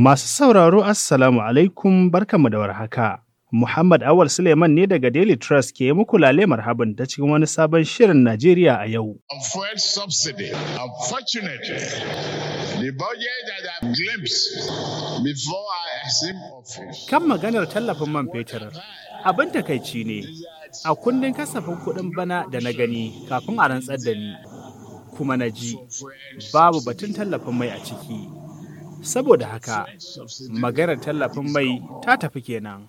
Masu sauraro Assalamu alaikum barkanmu da warhaka. Muhammad Awal Suleiman ne daga Daily Trust ke muku lale marhaban ta cikin wani sabon shirin Najeriya a yau. Kan maganar tallafin man fetur, abin takaici ne, a kundin kasafin kuɗin bana da na gani kafin a rantsar da ni, kuma na ji, babu batun tallafin mai a ciki. Saboda haka, maganar tallafin mai ta tafi kenan.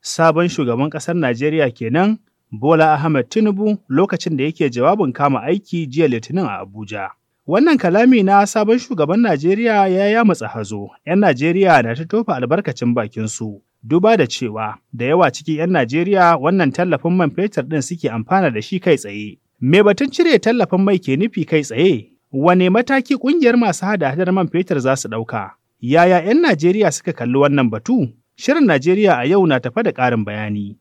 Sabon shugaban ƙasar Najeriya kenan, Bola Ahmed Tinubu lokacin da yake jawabin kama aiki jiya Litinin a Abuja. Wannan kalami na sabon shugaban Najeriya ya ya matsa hazo, ‘yan Najeriya na ta tofa albarkacin bakinsu. Duba da cewa, da yawa cikin 'yan Najeriya wannan tallafin man fetur ɗin suke amfana da shi kai tsaye. Me batun cire tallafin mai ke nufi kai tsaye? wane mataki ƙungiyar masu hada-hadar man fetur za su ɗauka? Yaya 'yan Najeriya suka kalli wannan batu? Shirin Najeriya a yau na tafa da ƙarin bayani.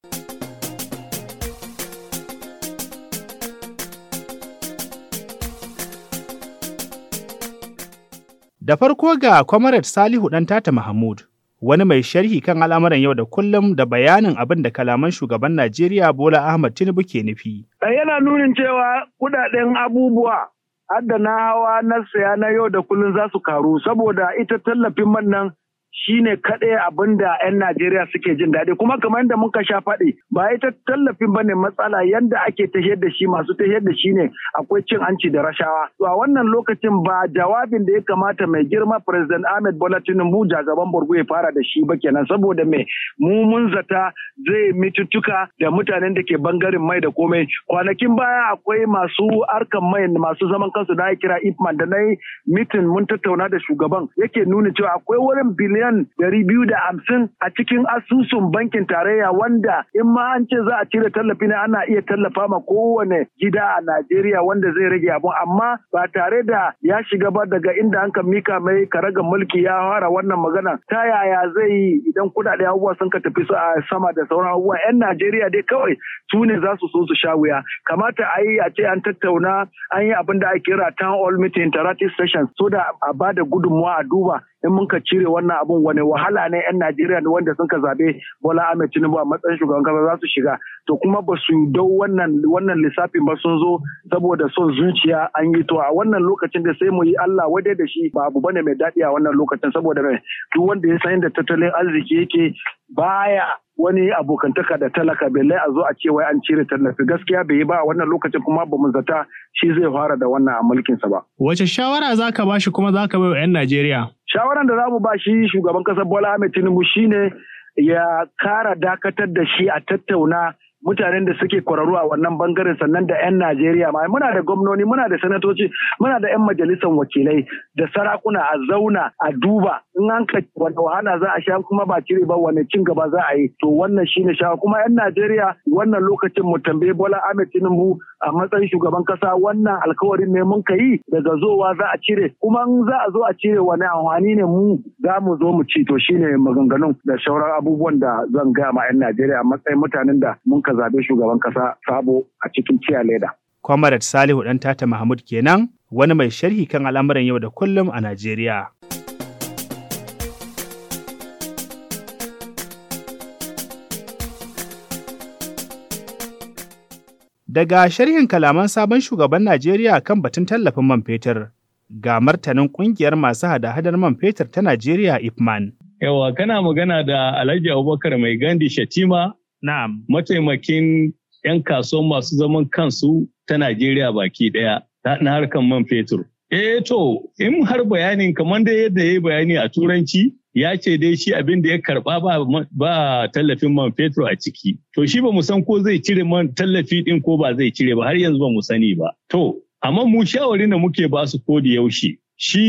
Da farko ga Comrade Salihu ɗan Tata Mahmud, wani mai sharhi kan al'amuran yau da kullum da bayanin abin da kalaman shugaban Najeriya Bola Ahmad Tinubu ke nufi. Yana nunin cewa kudaden abubuwa adda na hawa na saya na yau da kullum za su karu saboda ita tallafin man nan shine kaɗai abin da 'yan Najeriya suke jin daɗi kuma kamar yadda muka sha faɗi ba ta tallafin bane matsala yadda ake tahiyar da shi masu tahiyar da shi ne akwai cin hanci da rashawa to a wannan lokacin ba jawabin da ya kamata mai girma president Ahmed Bola Tinubu jagaban Borgo ya fara da shi ba kenan saboda me mu mun zata zai mituttuka da mutanen da ke bangaren mai da komai kwanakin baya akwai masu harkan mai masu zaman kansu da kira Ipman da na yi mitin mun tattauna da shugaban yake nuna cewa akwai wurin biliyan miliyan ɗari biyu da hamsin a cikin asusun bankin tarayya wanda in ma an ce za a cire tallafi ne ana iya tallafa ma kowane gida a Najeriya wanda zai rage abun amma ba tare da ya shiga ba daga inda an mika mai karagar mulki ya fara wannan magana ta yaya zai yi idan kuɗaɗe abubuwa sun ka tafi su a sama da sauran abubuwa 'yan Najeriya dai kawai su ne za su so su sha wuya kamata a yi a ce an tattauna an yi abin da ake kira town hall meeting interactive session so da a bada da gudunmuwa a duba in mun ka cire wannan abun wani wahala ne 'yan Najeriya ne wanda sun ka zabe Bola Ahmed Tinubu a matsayin shugaban kasa za su shiga to kuma ba su dau wannan wannan lissafin ba sun zo saboda son zuciya an yi to a wannan lokacin da sai mu yi Allah wadai da shi ba abu bane mai daɗi a wannan lokacin saboda duk wanda ya san inda tattalin arziki yake baya wani abokantaka da talaka belle a zo a ce wai an cire tallafi gaskiya bai yi ba a wannan lokacin kuma ba zata shi zai fara da wannan a mulkinsa ba. Wace shawara za ka bashi kuma za ka bai wa 'yan Najeriya? Shawaran da za mu ba shi shugaban ƙasar Bola Ahmed Tinubu shine ya kara dakatar da shi a tattauna mutanen da suke kwararru a wannan bangaren sannan da 'yan Najeriya ma muna da gwamnoni muna da sanatoci muna da 'yan majalisar wakilai da sarakuna a zauna a duba in an ka wani wahala za a sha kuma ba cire ba wani cin gaba za a yi to wannan shine shawa kuma 'yan Najeriya wannan lokacin mu tambaye Bola Ahmed Tinubu a matsayin shugaban kasa wannan alkawarin ne mun yi daga zowa za a cire kuma in za a zo a cire wani amfani ne mu za mu zo mu ci to shine maganganun da sauran abubuwan da zan gaya ma 'yan Najeriya a matsayin mutanen da mun aka zabe shugaban kasa sabo a cikin ciya leda. Comrade Salihu ɗan tata Mahmud kenan wani mai sharhi kan al'amuran yau da kullum a Najeriya. Daga sharhin kalaman sabon shugaban Najeriya kan batun tallafin man fetur, ga martanin ƙungiyar masu hada-hadar man fetur ta Najeriya IFMAN. Yawa kana magana da Alhaji Abubakar Mai Gandi Shatima Na'am. Mataimakin 'yan kasuwan masu zaman kansu ta Najeriya baki ɗaya na harkar man fetur. Eh to, in har bayanin kamar da yadda ya yi bayani a turanci, ya ce dai shi abin da ya karɓa ba, tallafin man fetur a ciki. To shi ba mu san ko zai cire man tallafi ɗin ko ba zai cire ba har yanzu ba mu sani ba. To, amma mu shawarin da muke ba su ko da yaushe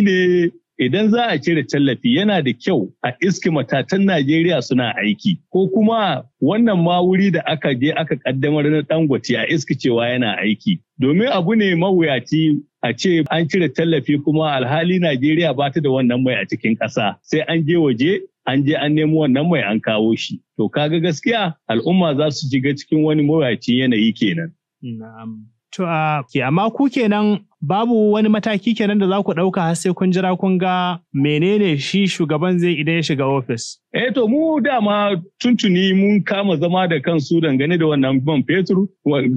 ne. idan za a cire tallafi yana da kyau a iski matatan Najeriya suna aiki ko kuma wannan ma wuri da aka je aka kaddamar na dangote a iski cewa yana aiki domin abu ne mawuyaci a ce an cire tallafi kuma alhali Najeriya ba ta da wannan mai a cikin ƙasa sai an je waje an je an nemo wannan mai an kawo shi to kaga gaskiya al'umma za su shiga cikin wani mawuyaci yanayi kenan. To a ah, ke amma ku kenan babu wani mataki kenan da za ku ɗauka har sai kun jira kun ga menene shi shugaban zai idan ya shiga ofis. Eh to mu dama tuntuni mun kama zama da kansu dangane da wannan man fetur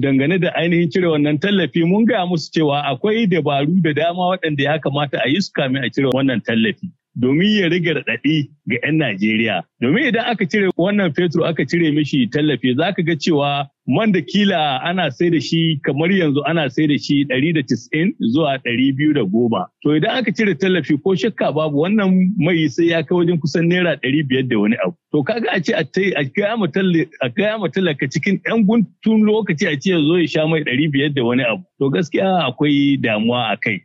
dangane da ainihin cire wannan tallafi mun gaya musu cewa akwai dabaru da dama waɗanda ya kamata a yi su kame a cire wannan tallafi. domin ya rage raɗaɗi ga 'yan Najeriya. Domin idan aka cire wannan fetur aka cire mishi tallafi za ka ga cewa man da kila ana sai da shi kamar yanzu ana sai da shi 190 zuwa 210. To idan aka cire tallafi ko shakka babu wannan mai sai ya kai wajen kusan naira 500 da wani abu. To kaga a ce a kaya ma tallaka cikin 'yan guntun lokaci a ce ya zo ya sha mai 500 da wani abu. To gaskiya akwai damuwa a kai.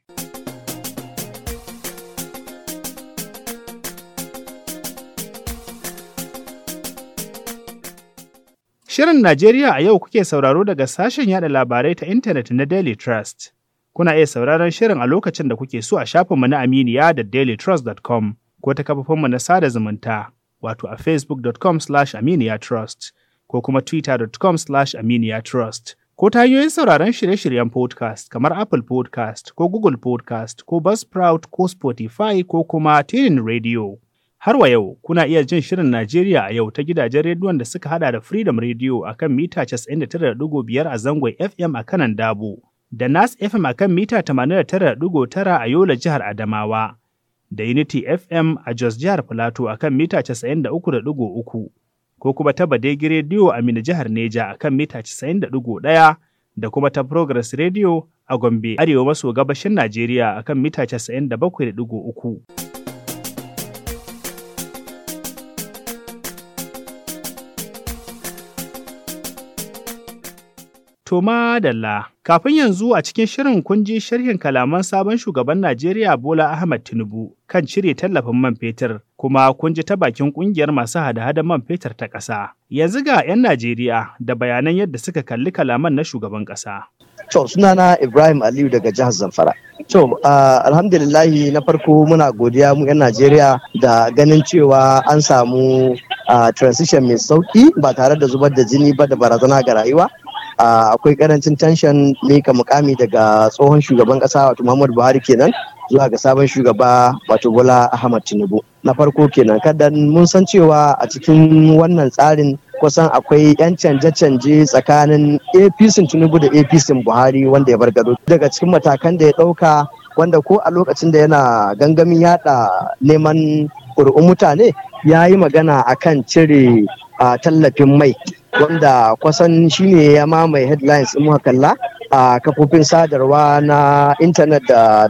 Shirin Najeriya a yau kuke sauraro daga sashen yada labarai ta intanet na Daily Trust. Kuna iya sauraron shirin a lokacin da kuke so a shafinmu na Aminiya da dailytrust.com ko ta kafafinmu na sada zumunta wato a facebook.com slash aminiyatrust ko kuma twitter.com slash aminiyatrust ko ta hanyoyin sauraron shirye-shiryen podcast kamar Apple podcast ko Google podcast ko Buzzsprout ko Spotify ko kuma Tuning Radio. Har wa yau, kuna iya jin Shirin Najeriya a yau ta gidajen rediyon da suka hada da Freedom Radio a kan mita 99.5 a zangon FM a kanan Dabo, da Nas FM a kan mita 89.9 a Yola jihar Adamawa, da Unity FM a Jos jihar Filato a kan mita 93.3, ko kuma ta Badegi Radio a Mina jihar Neja a kan mita 91.1 da kuma ta Progress Radio a Gombe, Arewa maso gabashin Najeriya a kan mita 97.3. To madalla, kafin yanzu a cikin shirin kun ji sharhin kalaman sabon shugaban Najeriya Bola Ahmad Tinubu kan cire tallafin man fetur, kuma kun ji ta bakin kungiyar masu hada-hada man fetur ta ƙasa. Yanzu ga 'yan Najeriya da bayanan yadda suka kalli kalaman na shugaban ƙasa. To sunana Ibrahim Aliyu daga jihar Zamfara. To alhamdulillahi na farko muna godiya mu 'yan Najeriya da ganin cewa an samu transition mai sauƙi ba tare da zubar da jini ba da barazana ga rayuwa. akwai karancin tension mika mukami daga tsohon shugaban kasa wato Muhammadu Buhari kenan zuwa ga sabon shugaba wato Bola Ahmad Tinubu. Na farko kenan kadan mun san cewa a cikin wannan tsarin kusan akwai 'yan canje-canje tsakanin APC Tinubu da APC Buhari wanda ya bar gado. Daga cikin matakan da ya ɗauka wanda ko a lokacin da yana gangamin yada neman ƙuri'un mutane ya yi magana akan cire tallafin mai wanda kwasan shine ya mamaye headlines in muka kalla a kafofin sadarwa na intanet da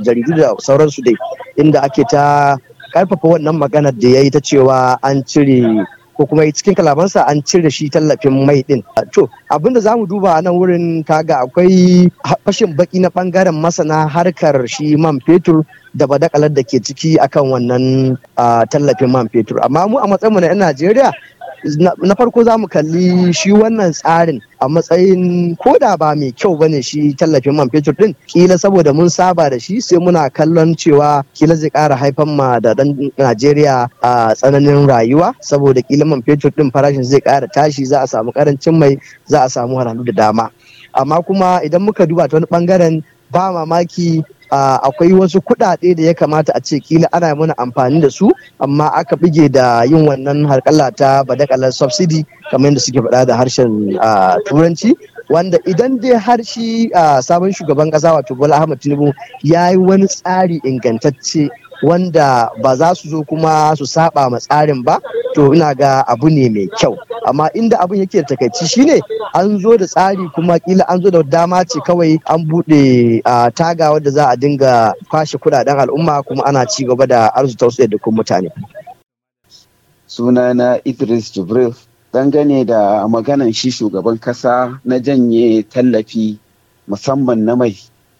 jaridu da sauransu dai inda ake ta karfafa wannan maganar da ya yi ta cewa an cire ko kuma cikin kalabansa an cire shi tallafin mai din. To abinda za mu duba nan wurin kaga akwai fashin baki na bangaren masana harkar shi man fetur da badakalar da ke ciki akan wannan tallafin man fetur. Amma mu a matsayinmu na 'yan Najeriya na farko za mu kalli shi wannan tsarin a matsayin ko da ba mai kyau bane shi tallafin man fetur din kila saboda mun saba da shi sai muna kallon cewa kila zai kara haifan ma da dan Najeriya a tsananin rayuwa saboda kila man fetur din farashin zai kara tashi za a samu karancin mai za a samu haralu da dama amma kuma idan muka duba ta wani bangaren ba mamaki Ah, akwai wasu kuɗaɗe da ya kamata a ce kila ana mana amfani da su amma aka bige da yin wannan harkala ta badakalar subsidy kamar yadda suke faɗa da harshen ah, turanci wanda idan dai harshe ah, sabon shugaban ƙasa wato bola ahmad tinubu ya yi wani tsari ingantacce wanda ba za su zo kuma su saba ma tsarin ba to ina ga abu ne mai kyau amma inda abin yake da takaici shine an zo da tsari kuma kila an zo da dama ce kawai an buɗe taga wadda za a dinga kwashe kudaden al'umma kuma ana ci gaba da arzuta su da kuma mutane sunana idris jibril dangane da maganan shi shugaban kasa na janye tallafi musamman na mai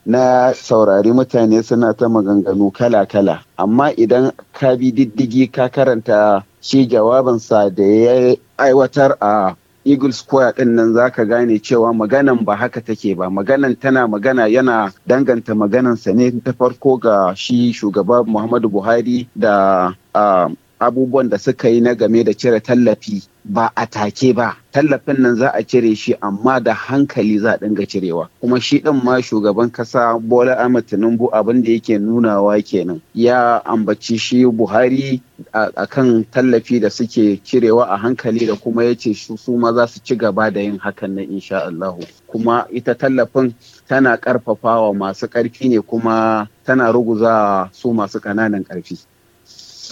na saurari mutane suna ta maganganu kala-kala amma idan ka bi diddigi ka karanta shi jawabinsa da ya aiwatar a Eagle Square ɗin nan za ka gane cewa maganan ba haka take ba maganan tana magana yana danganta maganansa ne ta farko ga shi shugaba Muhammadu Buhari da uh, abubuwan da suka yi na game da cire tallafi ba a take ba tallafin nan za a cire shi amma da hankali za a dinga cirewa kuma shi din ma shugaban kasa bola ahmed tinubu abin da yake nunawa kenan ya ambaci shi buhari a kan tallafi da suke cirewa a hankali da kuma ya ce su ma za su ci gaba da yin hakan na insha Allah kuma ita tallafin tana karfafawa masu karfi ne kuma tana ruguza su masu ƙananan karfi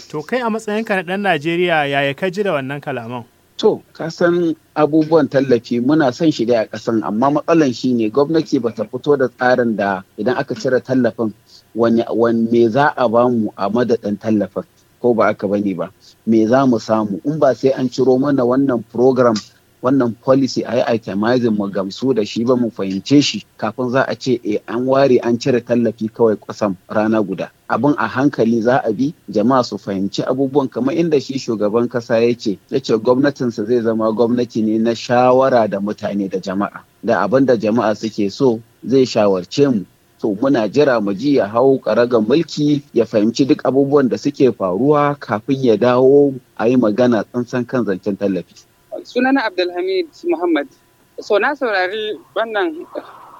To kai a matsayinka na ɗan Najeriya yaya ka ji da wannan kalaman? To, ka san abubuwan tallafi muna son shi a ƙasan amma matsalan shi ne gwamnati ba ta fito da tsarin da idan aka cire tallafin wani me za a ba mu a madadin tallafin ko ba aka bani ba me za mu samu in ba sai an ciro mana wannan program wannan policy a yi itemizing mu gamsu da shi ba mu fahimce shi kafin za a ce e an ware an cire tallafi kawai kusan rana guda abin a hankali za a bi jama'a su fahimci abubuwan kamar inda shi shugaban kasa ya ce ya ce gwamnatinsa zai zama gwamnati ne na shawara da mutane da jama'a da abin da jama'a suke so zai shawarce mu to muna jira mu ji ya hau karagar mulki ya fahimci duk abubuwan da suke faruwa kafin ya dawo a yi magana tsantsan kan zancen tallafi sunana abdulhamid muhammad so na saurari wannan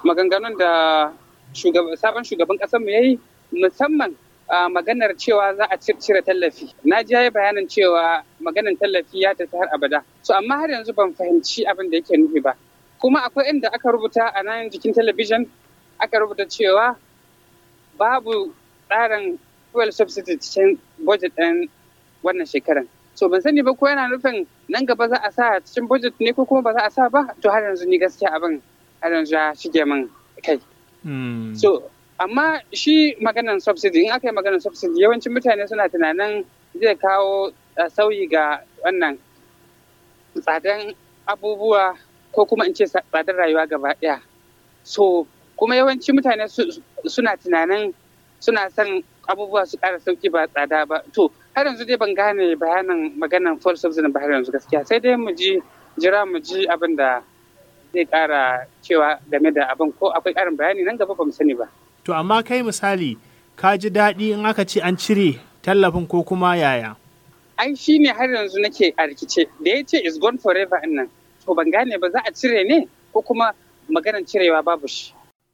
maganganun da sabon shugaban ƙasar mu yayi musamman maganar cewa za a cire tallafi na ji ya bayanin cewa maganar tallafi ya tafi har abada so amma har yanzu ban fahimci abin da yake nufi ba kuma akwai inda aka rubuta a nan jikin talabijin aka rubuta cewa babu tsarin fuel subsidy cikin budget ɗin wannan shekarar. so ban sani ba ko yana nufin nan gaba za a sa cikin budget ne ko kuma ba za a sa ba to har yanzu ni gaskiya abin har yanzu ya shige min kai hmm. so amma shi maganan subsidy in aka yi maganan subsidy yawancin mutane suna tunanin zai kawo eh, sauyi ga wannan tsadan abubuwa ko kuma in ce tsadar rayuwa gaba ɗaya so kuma yawancin mutane suna tunanin suna son abubuwa su kara sauki ba tsada ba to har yanzu dai ban gane bayanin maganan full subsidy ba har yanzu gaskiya sai dai mu ji jira mu ji abin da zai kara cewa game da abin ko akwai karin bayani nan gaba ba mu sani ba to amma kai misali ka ji daɗi in aka ce an cire tallafin ko kuma yaya ai shi ne har yanzu nake a rikice da ya ce is gone forever nan to ban gane ba za a cire ne ko kuma maganan cirewa babu shi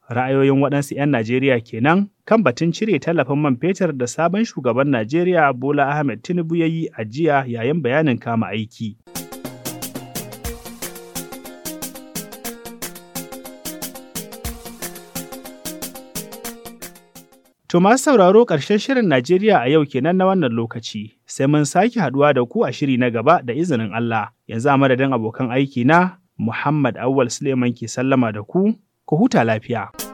Ra'ayoyin waɗansu 'yan Najeriya kenan kan batun cire tallafin man fetur da sabon shugaban Najeriya Bola Ahmed Tinubu ya yi a jiya yayin bayanin kama aiki. To masu sauraro ƙarshen shirin Najeriya a yau kenan na wannan lokaci, sai mun sake haɗuwa da ku a shiri na gaba da izinin Allah, yanzu a madadin abokan aiki na Muhammad Awwal Suleiman ke sallama da ku. ku huta lafiya.